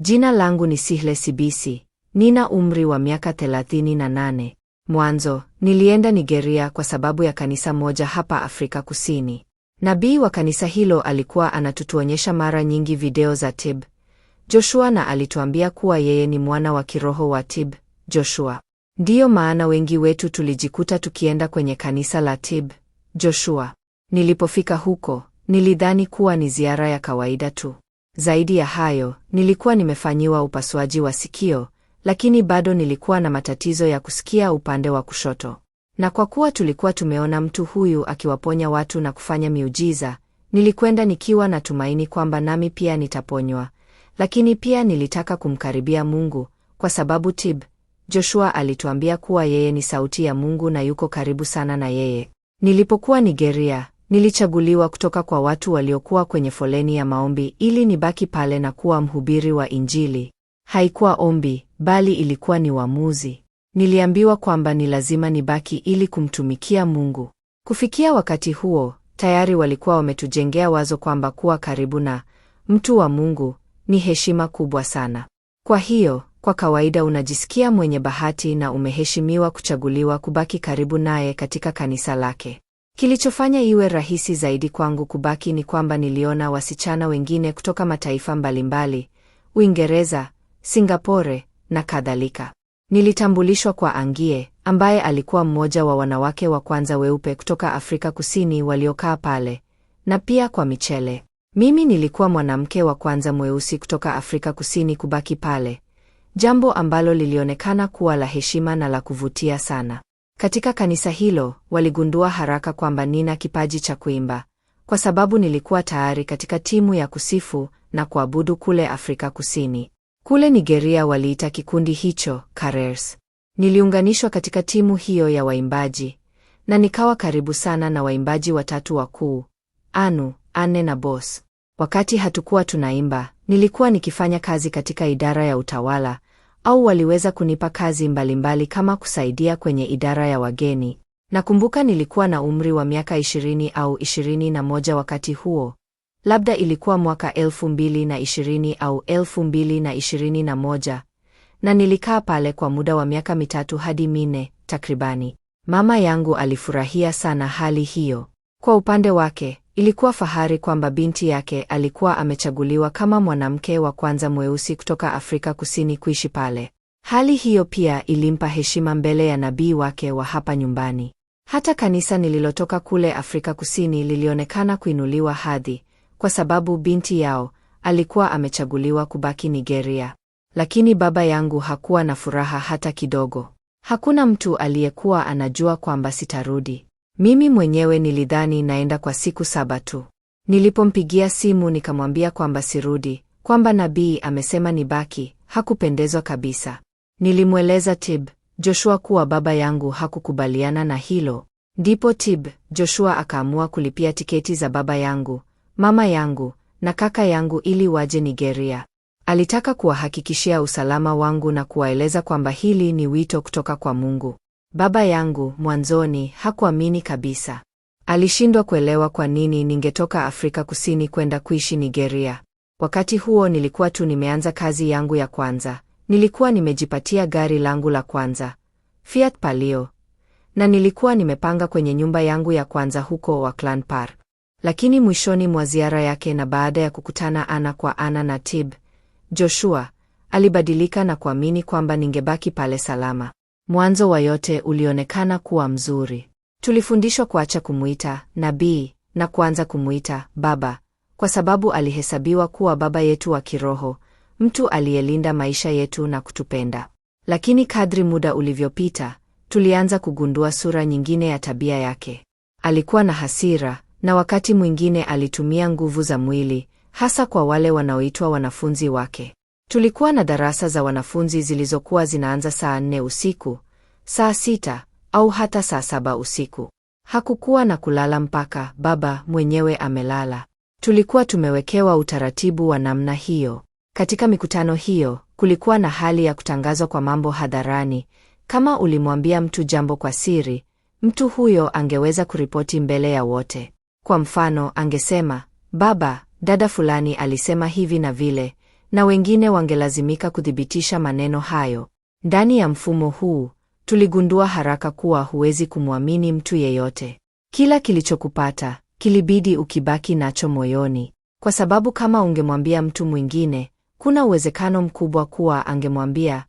Jina langu ni Sihle Sibisi. Nina umri wa miaka 38 na Mwanzo, nilienda Nigeria kwa sababu ya kanisa moja hapa Afrika Kusini. Nabii wa kanisa hilo alikuwa anatutuonyesha mara nyingi video za Tib Joshua na alituambia kuwa yeye ni mwana wa kiroho wa Tib Joshua. Ndiyo maana wengi wetu tulijikuta tukienda kwenye kanisa la Tib Joshua. Nilipofika huko, nilidhani kuwa ni ziara ya kawaida tu. Zaidi ya hayo, nilikuwa nimefanyiwa upasuaji wa sikio, lakini bado nilikuwa na matatizo ya kusikia upande wa kushoto. Na kwa kuwa tulikuwa tumeona mtu huyu akiwaponya watu na kufanya miujiza, nilikwenda nikiwa na tumaini kwamba nami pia nitaponywa, lakini pia nilitaka kumkaribia Mungu kwa sababu tib Joshua alituambia kuwa yeye ni sauti ya Mungu na yuko karibu sana na yeye. Nilipokuwa Nigeria, Nilichaguliwa kutoka kwa watu waliokuwa kwenye foleni ya maombi ili nibaki pale na kuwa mhubiri wa Injili. Haikuwa ombi, bali ilikuwa ni uamuzi. Niliambiwa kwamba ni lazima nibaki ili kumtumikia Mungu. Kufikia wakati huo, tayari walikuwa wametujengea wazo kwamba kuwa karibu na mtu wa Mungu ni heshima kubwa sana. Kwa hiyo, kwa kawaida unajisikia mwenye bahati na umeheshimiwa kuchaguliwa kubaki karibu naye katika kanisa lake. Kilichofanya iwe rahisi zaidi kwangu kubaki ni kwamba niliona wasichana wengine kutoka mataifa mbalimbali, Uingereza, Singapore na kadhalika. Nilitambulishwa kwa Angie, ambaye alikuwa mmoja wa wanawake wa kwanza weupe kutoka Afrika Kusini waliokaa pale, na pia kwa Michele. Mimi nilikuwa mwanamke wa kwanza mweusi kutoka Afrika Kusini kubaki pale, jambo ambalo lilionekana kuwa la heshima na la kuvutia sana. Katika kanisa hilo waligundua haraka kwamba nina kipaji cha kuimba, kwa sababu nilikuwa tayari katika timu ya kusifu na kuabudu kule Afrika Kusini. Kule Nigeria waliita kikundi hicho Carers. Niliunganishwa katika timu hiyo ya waimbaji na nikawa karibu sana na waimbaji watatu wakuu, Anu, Anne na Boss. Wakati hatukuwa tunaimba, nilikuwa nikifanya kazi katika idara ya utawala au waliweza kunipa kazi mbalimbali kama kusaidia kwenye idara ya wageni. Nakumbuka nilikuwa na umri wa miaka 20 au 21 wakati huo, labda ilikuwa mwaka elfu au 221 na na nilikaa pale kwa muda wa miaka mitatu hadi minne takribani. Mama yangu alifurahia sana hali hiyo. Kwa upande wake Ilikuwa fahari kwamba binti yake alikuwa amechaguliwa kama mwanamke wa kwanza mweusi kutoka Afrika Kusini kuishi pale. Hali hiyo pia ilimpa heshima mbele ya nabii wake wa hapa nyumbani. Hata kanisa nililotoka kule Afrika Kusini lilionekana kuinuliwa hadhi kwa sababu binti yao alikuwa amechaguliwa kubaki Nigeria. Lakini baba yangu hakuwa na furaha hata kidogo. Hakuna mtu aliyekuwa anajua kwamba sitarudi. Mimi mwenyewe nilidhani naenda kwa siku saba tu. Nilipompigia simu nikamwambia kwamba sirudi, kwamba nabii amesema nibaki, hakupendezwa kabisa. Nilimweleza Tib Joshua kuwa baba yangu hakukubaliana na hilo. Ndipo Tib Joshua akaamua kulipia tiketi za baba yangu, mama yangu na kaka yangu ili waje Nigeria. Alitaka kuwahakikishia usalama wangu na kuwaeleza kwamba hili ni wito kutoka kwa Mungu. Baba yangu mwanzoni hakuamini kabisa. Alishindwa kuelewa kwa nini ningetoka Afrika Kusini kwenda kuishi Nigeria. Wakati huo nilikuwa tu nimeanza kazi yangu ya kwanza. Nilikuwa nimejipatia gari langu la kwanza, Fiat Palio, na nilikuwa nimepanga kwenye nyumba yangu ya kwanza huko Oakland Park. Lakini mwishoni mwa ziara yake na baada ya kukutana ana kwa ana na Tib, Joshua alibadilika na kuamini kwamba ningebaki pale salama mwanzo wa yote ulionekana kuwa mzuri. Tulifundishwa kuacha kumwita nabii na kuanza kumwita baba, kwa sababu alihesabiwa kuwa baba yetu wa kiroho, mtu aliyelinda maisha yetu na kutupenda. Lakini kadri muda ulivyopita, tulianza kugundua sura nyingine ya tabia yake. Alikuwa na hasira na wakati mwingine alitumia nguvu za mwili, hasa kwa wale wanaoitwa wanafunzi wake. Tulikuwa na darasa za wanafunzi zilizokuwa zinaanza saa nne usiku, saa sita au hata saa saba usiku. Hakukuwa na kulala mpaka baba mwenyewe amelala. Tulikuwa tumewekewa utaratibu wa namna hiyo. Katika mikutano hiyo kulikuwa na hali ya kutangazwa kwa mambo hadharani. Kama ulimwambia mtu jambo kwa siri, mtu huyo angeweza kuripoti mbele ya wote. Kwa mfano, angesema baba, dada fulani alisema hivi na vile, na wengine wangelazimika kuthibitisha maneno hayo. Ndani ya mfumo huu, tuligundua haraka kuwa huwezi kumwamini mtu yeyote. Kila kilichokupata kilibidi ukibaki nacho moyoni, kwa sababu kama ungemwambia mtu mwingine, kuna uwezekano mkubwa kuwa angemwambia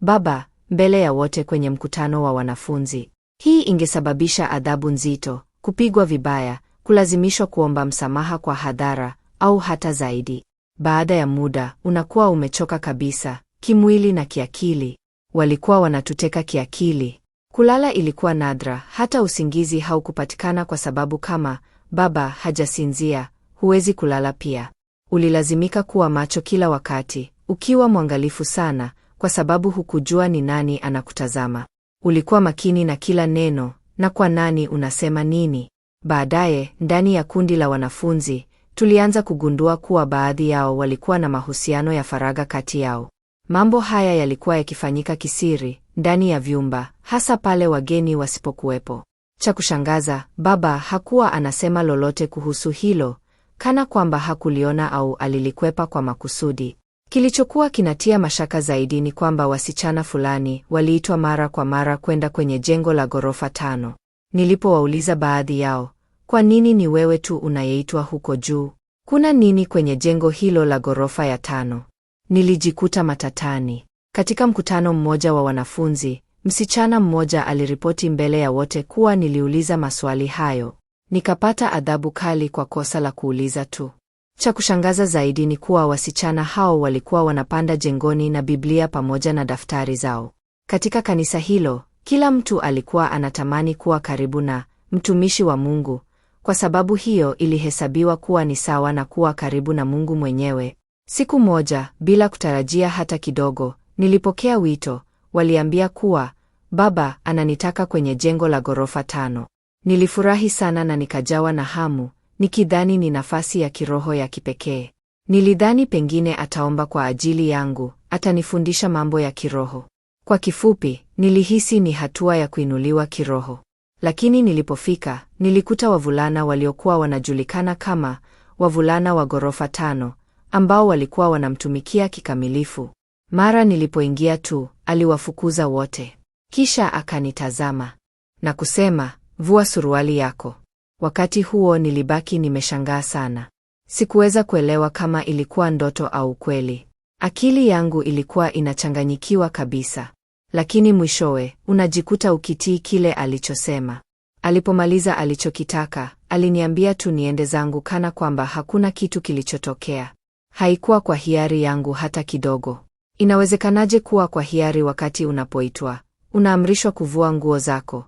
baba mbele ya wote kwenye mkutano wa wanafunzi. Hii ingesababisha adhabu nzito, kupigwa vibaya, kulazimishwa kuomba msamaha kwa hadhara au hata zaidi. Baada ya muda unakuwa umechoka kabisa, kimwili na kiakili. Walikuwa wanatuteka kiakili. Kulala ilikuwa nadra, hata usingizi haukupatikana kwa sababu kama baba hajasinzia huwezi kulala. Pia ulilazimika kuwa macho kila wakati, ukiwa mwangalifu sana, kwa sababu hukujua ni nani anakutazama. Ulikuwa makini na kila neno na kwa nani unasema nini. Baadaye ndani ya kundi la wanafunzi tulianza kugundua kuwa baadhi yao walikuwa na mahusiano ya faraga kati yao. Mambo haya yalikuwa yakifanyika kisiri, ndani ya vyumba, hasa pale wageni wasipokuwepo. Cha kushangaza, baba hakuwa anasema lolote kuhusu hilo, kana kwamba hakuliona au alilikwepa kwa makusudi. Kilichokuwa kinatia mashaka zaidi ni kwamba wasichana fulani waliitwa mara kwa mara kwenda kwenye jengo la ghorofa tano. Nilipowauliza baadhi yao, kwa nini ni wewe tu unayeitwa huko juu? Kuna nini kwenye jengo hilo la ghorofa ya tano? Nilijikuta matatani. Katika mkutano mmoja wa wanafunzi, msichana mmoja aliripoti mbele ya wote kuwa niliuliza maswali hayo. Nikapata adhabu kali kwa kosa la kuuliza tu. Cha kushangaza zaidi ni kuwa wasichana hao walikuwa wanapanda jengoni na Biblia pamoja na daftari zao. Katika kanisa hilo, kila mtu alikuwa anatamani kuwa karibu na mtumishi wa Mungu kwa sababu hiyo ilihesabiwa kuwa ni sawa na kuwa karibu na Mungu mwenyewe. Siku moja, bila kutarajia hata kidogo, nilipokea wito. Waliambia kuwa baba ananitaka kwenye jengo la ghorofa tano. Nilifurahi sana na nikajawa na hamu, nikidhani ni nafasi ya kiroho ya kipekee. Nilidhani pengine ataomba kwa ajili yangu, atanifundisha mambo ya kiroho. Kwa kifupi, nilihisi ni hatua ya kuinuliwa kiroho. Lakini nilipofika nilikuta wavulana waliokuwa wanajulikana kama wavulana wa ghorofa tano ambao walikuwa wanamtumikia kikamilifu. Mara nilipoingia tu aliwafukuza wote, kisha akanitazama na kusema, vua suruali yako. Wakati huo nilibaki nimeshangaa sana. Sikuweza kuelewa kama ilikuwa ndoto au kweli. Akili yangu ilikuwa inachanganyikiwa kabisa lakini mwishowe unajikuta ukitii kile alichosema. Alipomaliza alichokitaka, aliniambia tu niende zangu kana kwamba hakuna kitu kilichotokea. Haikuwa kwa hiari yangu hata kidogo. Inawezekanaje kuwa kwa hiari wakati unapoitwa, unaamrishwa kuvua nguo zako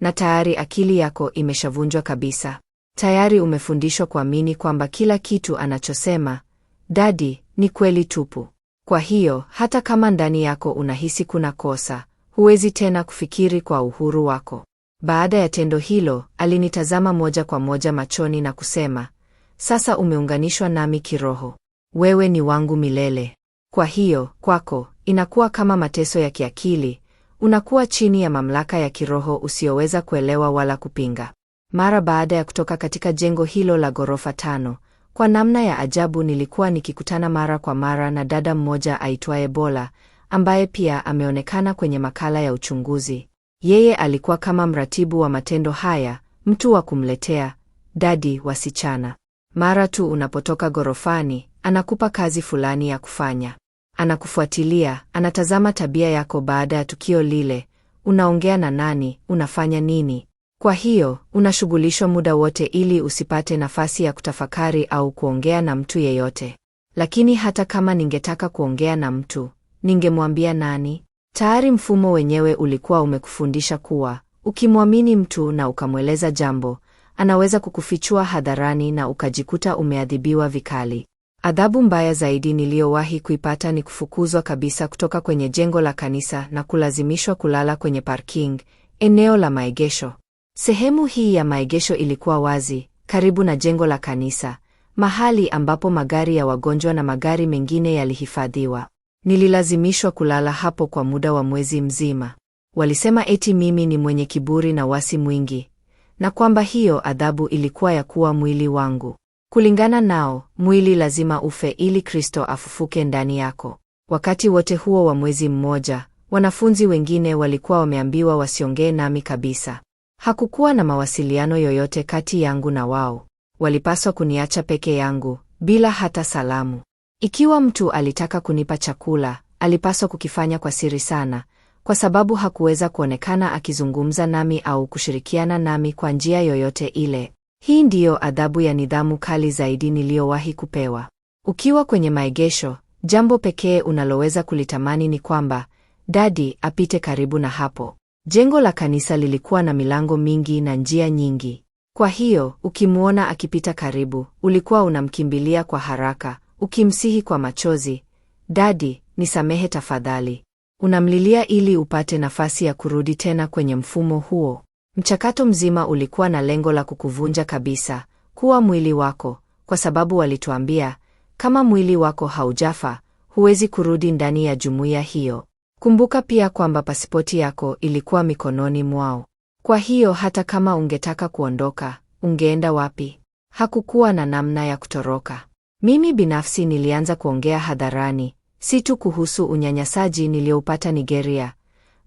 na tayari akili yako imeshavunjwa kabisa? Tayari umefundishwa kuamini kwamba kila kitu anachosema dadi ni kweli tupu. Kwa hiyo hata kama ndani yako unahisi kuna kosa, huwezi tena kufikiri kwa uhuru wako. Baada ya tendo hilo, alinitazama moja kwa moja machoni na kusema, sasa umeunganishwa nami kiroho. Wewe ni wangu milele. Kwa hiyo kwako inakuwa kama mateso ya kiakili, unakuwa chini ya mamlaka ya kiroho usiyoweza kuelewa wala kupinga. Mara baada ya kutoka katika jengo hilo la ghorofa tano kwa namna ya ajabu nilikuwa nikikutana mara kwa mara na dada mmoja aitwaye Bola, ambaye pia ameonekana kwenye makala ya uchunguzi. Yeye alikuwa kama mratibu wa matendo haya, mtu wa kumletea dadi wasichana. Mara tu unapotoka ghorofani anakupa kazi fulani ya kufanya. Anakufuatilia, anatazama tabia yako baada ya tukio lile, unaongea na nani, unafanya nini, kwa hiyo unashughulishwa muda wote ili usipate nafasi ya kutafakari au kuongea na mtu yeyote. Lakini hata kama ningetaka kuongea na mtu, ningemwambia nani? Tayari mfumo wenyewe ulikuwa umekufundisha kuwa ukimwamini mtu na ukamweleza jambo, anaweza kukufichua hadharani na ukajikuta umeadhibiwa vikali. Adhabu mbaya zaidi niliyowahi kuipata ni kufukuzwa kabisa kutoka kwenye jengo la kanisa na kulazimishwa kulala kwenye parking, eneo la maegesho. Sehemu hii ya maegesho ilikuwa wazi, karibu na jengo la kanisa, mahali ambapo magari ya wagonjwa na magari mengine yalihifadhiwa. Nililazimishwa kulala hapo kwa muda wa mwezi mzima. Walisema eti mimi ni mwenye kiburi na wasi mwingi, na kwamba hiyo adhabu ilikuwa ya kuwa mwili wangu. Kulingana nao, mwili lazima ufe ili Kristo afufuke ndani yako. Wakati wote huo wa mwezi mmoja, wanafunzi wengine walikuwa wameambiwa wasiongee nami kabisa. Hakukuwa na mawasiliano yoyote kati yangu na wao. Walipaswa kuniacha peke yangu bila hata salamu. Ikiwa mtu alitaka kunipa chakula, alipaswa kukifanya kwa siri sana, kwa sababu hakuweza kuonekana akizungumza nami au kushirikiana nami kwa njia yoyote ile. Hii ndiyo adhabu ya nidhamu kali zaidi niliyowahi kupewa. Ukiwa kwenye maegesho, jambo pekee unaloweza kulitamani ni kwamba dadi apite karibu na hapo. Jengo la kanisa lilikuwa na milango mingi na njia nyingi. Kwa hiyo, ukimwona akipita karibu, ulikuwa unamkimbilia kwa haraka, ukimsihi kwa machozi, "Dadi, nisamehe tafadhali." Unamlilia ili upate nafasi ya kurudi tena kwenye mfumo huo. Mchakato mzima ulikuwa na lengo la kukuvunja kabisa, kuwa mwili wako, kwa sababu walituambia, kama mwili wako haujafa, huwezi kurudi ndani ya jumuiya hiyo. Kumbuka pia kwamba pasipoti yako ilikuwa mikononi mwao. Kwa hiyo hata kama ungetaka kuondoka, ungeenda wapi? Hakukuwa na namna ya kutoroka. Mimi binafsi nilianza kuongea hadharani, si tu kuhusu unyanyasaji niliyoupata Nigeria,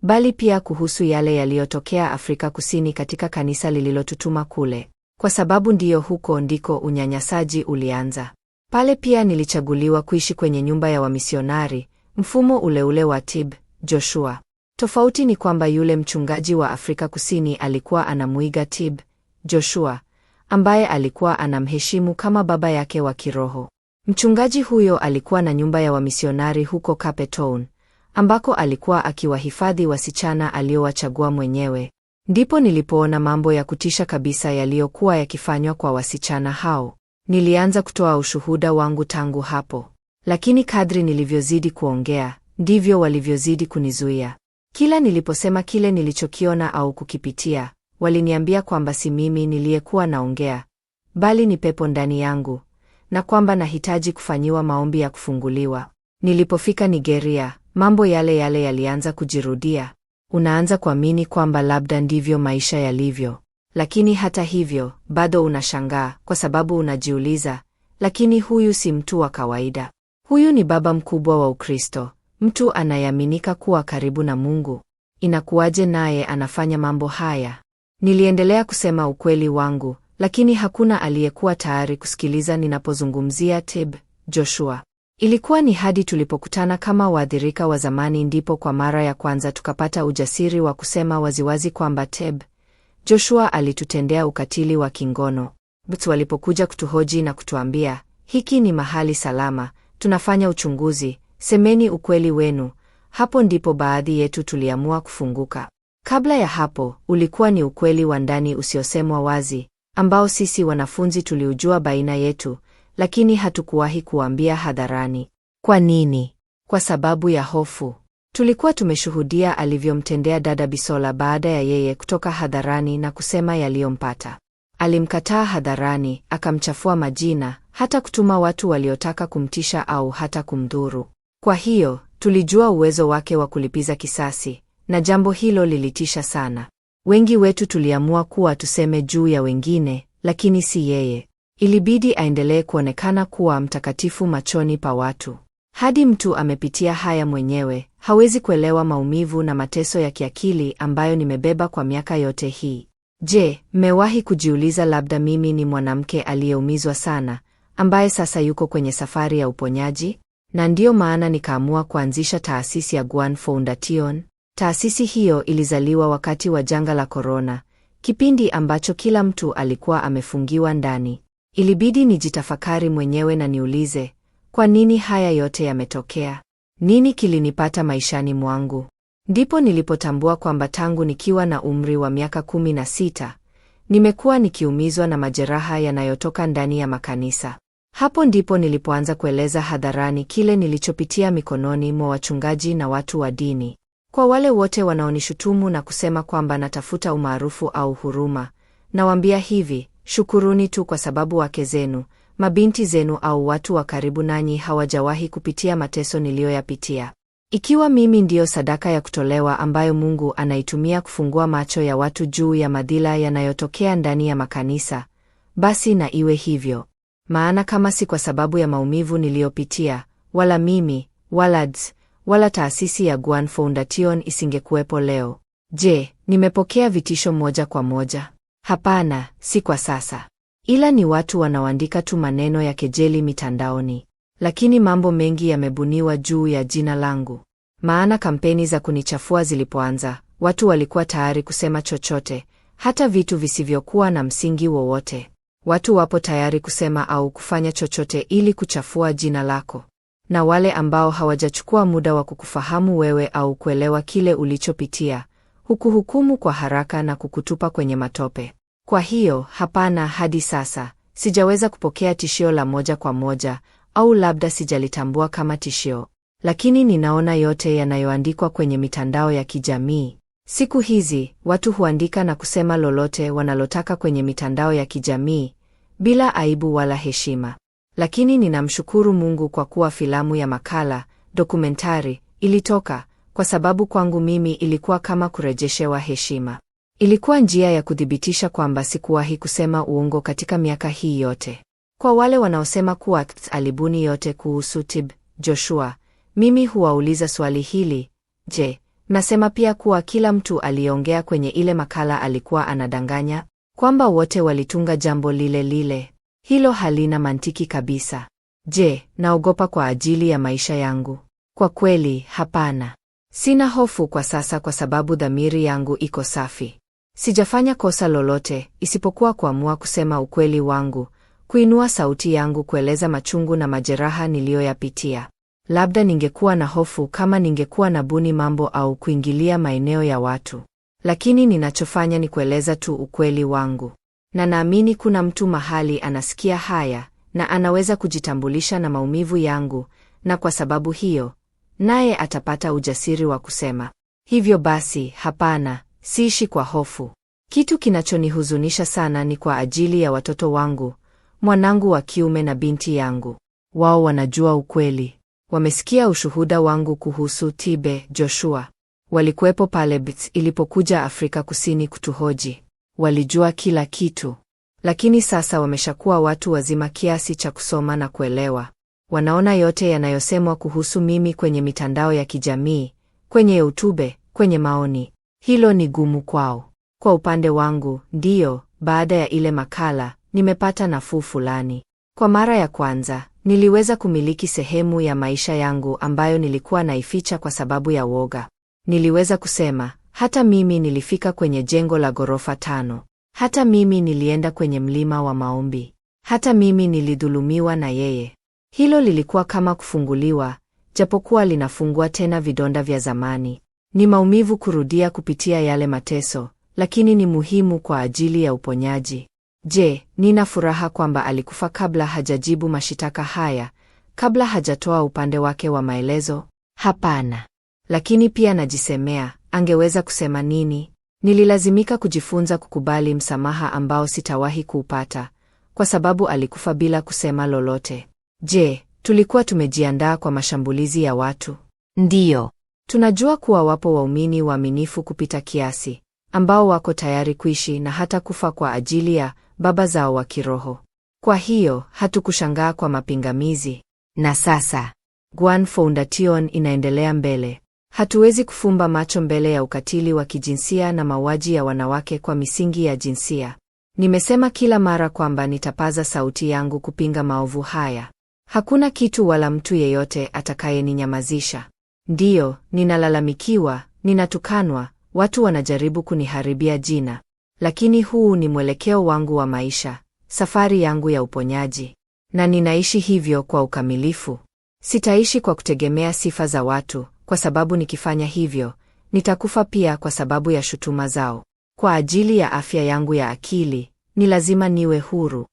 bali pia kuhusu yale yaliyotokea Afrika Kusini katika kanisa lililotutuma kule, kwa sababu ndiyo huko ndiko unyanyasaji ulianza. Pale pia nilichaguliwa kuishi kwenye nyumba ya wamisionari, mfumo uleule wa TIB Joshua. Tofauti ni kwamba yule mchungaji wa Afrika Kusini alikuwa anamuiga Tib Joshua ambaye alikuwa anamheshimu kama baba yake wa kiroho. Mchungaji huyo alikuwa na nyumba ya wamisionari huko Cape Town, ambako alikuwa akiwahifadhi wasichana aliowachagua mwenyewe. Ndipo nilipoona mambo ya kutisha kabisa yaliyokuwa yakifanywa kwa wasichana hao. Nilianza kutoa ushuhuda wangu tangu hapo, lakini kadri nilivyozidi kuongea ndivyo walivyozidi kunizuia. Kila niliposema kile nilichokiona au kukipitia, waliniambia kwamba si mimi niliyekuwa naongea, bali ni pepo ndani yangu, na kwamba nahitaji kufanyiwa maombi ya kufunguliwa. Nilipofika Nigeria, mambo yale yale yalianza kujirudia. Unaanza kuamini kwamba labda ndivyo maisha yalivyo, lakini hata hivyo bado unashangaa, kwa sababu unajiuliza, lakini huyu si mtu wa kawaida, huyu ni baba mkubwa wa Ukristo Mtu anayeaminika kuwa karibu na Mungu, inakuwaje naye anafanya mambo haya? Niliendelea kusema ukweli wangu, lakini hakuna aliyekuwa tayari kusikiliza ninapozungumzia Tib Joshua. Ilikuwa ni hadi tulipokutana kama waathirika wa zamani ndipo kwa mara ya kwanza tukapata ujasiri wa kusema waziwazi kwamba teb Joshua alitutendea ukatili wa kingono. But walipokuja kutuhoji na kutuambia, hiki ni mahali salama, tunafanya uchunguzi, Semeni ukweli wenu. Hapo ndipo baadhi yetu tuliamua kufunguka. Kabla ya hapo, ulikuwa ni ukweli wa ndani usiosemwa wazi, ambao sisi wanafunzi tuliujua baina yetu, lakini hatukuwahi kuambia hadharani. Kwa nini? Kwa sababu ya hofu. Tulikuwa tumeshuhudia alivyomtendea dada Bisola baada ya yeye kutoka hadharani na kusema yaliyompata. Alimkataa hadharani, akamchafua majina, hata kutuma watu waliotaka kumtisha au hata kumdhuru. Kwa hiyo tulijua uwezo wake wa kulipiza kisasi, na jambo hilo lilitisha sana. Wengi wetu tuliamua kuwa tuseme juu ya wengine, lakini si yeye. Ilibidi aendelee kuonekana kuwa mtakatifu machoni pa watu. Hadi mtu amepitia haya mwenyewe, hawezi kuelewa maumivu na mateso ya kiakili ambayo nimebeba kwa miaka yote hii. Je, mmewahi kujiuliza labda mimi ni mwanamke aliyeumizwa sana, ambaye sasa yuko kwenye safari ya uponyaji? na ndiyo maana nikaamua kuanzisha taasisi ya Guan Foundation. Taasisi hiyo ilizaliwa wakati wa janga la korona, kipindi ambacho kila mtu alikuwa amefungiwa ndani. Ilibidi nijitafakari mwenyewe na niulize, kwa nini haya yote yametokea? Nini kilinipata maishani mwangu? Ndipo nilipotambua kwamba tangu nikiwa na umri wa miaka kumi na sita nimekuwa nikiumizwa na majeraha yanayotoka ndani ya makanisa. Hapo ndipo nilipoanza kueleza hadharani kile nilichopitia mikononi mwa wachungaji na watu wa dini. Kwa wale wote wanaonishutumu na kusema kwamba natafuta umaarufu au huruma, nawaambia hivi, shukuruni tu kwa sababu wake zenu, mabinti zenu au watu wa karibu nanyi hawajawahi kupitia mateso niliyoyapitia. Ikiwa mimi ndiyo sadaka ya kutolewa ambayo Mungu anaitumia kufungua macho ya watu juu ya madhila yanayotokea ndani ya makanisa, basi na iwe hivyo. Maana kama si kwa sababu ya maumivu niliyopitia, wala mimi, wala wala taasisi ya Guan Foundation isingekuwepo leo. Je, nimepokea vitisho moja kwa moja? Hapana, si kwa sasa. Ila ni watu wanaoandika tu maneno ya kejeli mitandaoni. Lakini mambo mengi yamebuniwa juu ya jina langu. Maana kampeni za kunichafua zilipoanza, watu walikuwa tayari kusema chochote, hata vitu visivyokuwa na msingi wowote. Watu wapo tayari kusema au kufanya chochote ili kuchafua jina lako. Na wale ambao hawajachukua muda wa kukufahamu wewe au kuelewa kile ulichopitia, hukuhukumu kwa haraka na kukutupa kwenye matope. Kwa hiyo, hapana, hadi sasa sijaweza kupokea tishio la moja kwa moja, au labda sijalitambua kama tishio. Lakini ninaona yote yanayoandikwa kwenye mitandao ya kijamii Siku hizi watu huandika na kusema lolote wanalotaka kwenye mitandao ya kijamii bila aibu wala heshima. Lakini ninamshukuru Mungu kwa kuwa filamu ya makala dokumentari ilitoka, kwa sababu kwangu mimi ilikuwa kama kurejeshewa heshima. Ilikuwa njia ya kuthibitisha kwamba sikuwahi kusema uongo katika miaka hii yote. Kwa wale wanaosema kuwa alibuni yote kuhusu tib Joshua, mimi huwauliza swali hili: je, Nasema pia kuwa kila mtu aliyeongea kwenye ile makala alikuwa anadanganya, kwamba wote walitunga jambo lile lile. Hilo halina mantiki kabisa. Je, naogopa kwa ajili ya maisha yangu? Kwa kweli, hapana. Sina hofu kwa sasa kwa sababu dhamiri yangu iko safi. Sijafanya kosa lolote isipokuwa kuamua kusema ukweli wangu, kuinua sauti yangu kueleza machungu na majeraha niliyoyapitia. Labda ningekuwa na hofu kama ningekuwa na buni mambo au kuingilia maeneo ya watu, lakini ninachofanya ni kueleza tu ukweli wangu, na naamini kuna mtu mahali anasikia haya na anaweza kujitambulisha na maumivu yangu, na kwa sababu hiyo naye atapata ujasiri wa kusema hivyo. Basi hapana, siishi kwa hofu. Kitu kinachonihuzunisha sana ni kwa ajili ya watoto wangu, mwanangu wa kiume na binti yangu. Wao wanajua ukweli Wamesikia ushuhuda wangu kuhusu Tibe Joshua. Walikuwepo pale Bits ilipokuja Afrika Kusini kutuhoji. Walijua kila kitu, lakini sasa wameshakuwa watu wazima kiasi cha kusoma na kuelewa. Wanaona yote yanayosemwa kuhusu mimi kwenye mitandao ya kijamii, kwenye YouTube, kwenye maoni. Hilo ni gumu kwao. Kwa upande wangu, ndiyo, baada ya ile makala nimepata nafuu fulani. Kwa mara ya kwanza Niliweza kumiliki sehemu ya maisha yangu ambayo nilikuwa naificha kwa sababu ya woga. Niliweza kusema, hata mimi nilifika kwenye jengo la ghorofa tano. Hata mimi nilienda kwenye mlima wa maombi. Hata mimi nilidhulumiwa na yeye. Hilo lilikuwa kama kufunguliwa, japokuwa linafungua tena vidonda vya zamani. Ni maumivu kurudia kupitia yale mateso, lakini ni muhimu kwa ajili ya uponyaji. Je, nina furaha kwamba alikufa kabla hajajibu mashitaka haya, kabla hajatoa upande wake wa maelezo? Hapana. Lakini pia najisemea, angeweza kusema nini? Nililazimika kujifunza kukubali msamaha ambao sitawahi kuupata, kwa sababu alikufa bila kusema lolote. Je, tulikuwa tumejiandaa kwa mashambulizi ya watu? Ndiyo. Tunajua kuwa wapo waumini waaminifu kupita kiasi, ambao wako tayari kuishi na hata kufa kwa ajili ya baba zao wa kiroho. Kwa hiyo hatukushangaa kwa mapingamizi. Na sasa Guan Foundation inaendelea mbele. Hatuwezi kufumba macho mbele ya ukatili wa kijinsia na mauaji ya wanawake kwa misingi ya jinsia. Nimesema kila mara kwamba nitapaza sauti yangu kupinga maovu haya. Hakuna kitu wala mtu yeyote atakayeninyamazisha. Ndiyo, ninalalamikiwa, ninatukanwa, watu wanajaribu kuniharibia jina lakini huu ni mwelekeo wangu wa maisha, safari yangu ya uponyaji, na ninaishi hivyo kwa ukamilifu. Sitaishi kwa kutegemea sifa za watu, kwa sababu nikifanya hivyo nitakufa pia kwa sababu ya shutuma zao. Kwa ajili ya afya yangu ya akili, ni lazima niwe huru.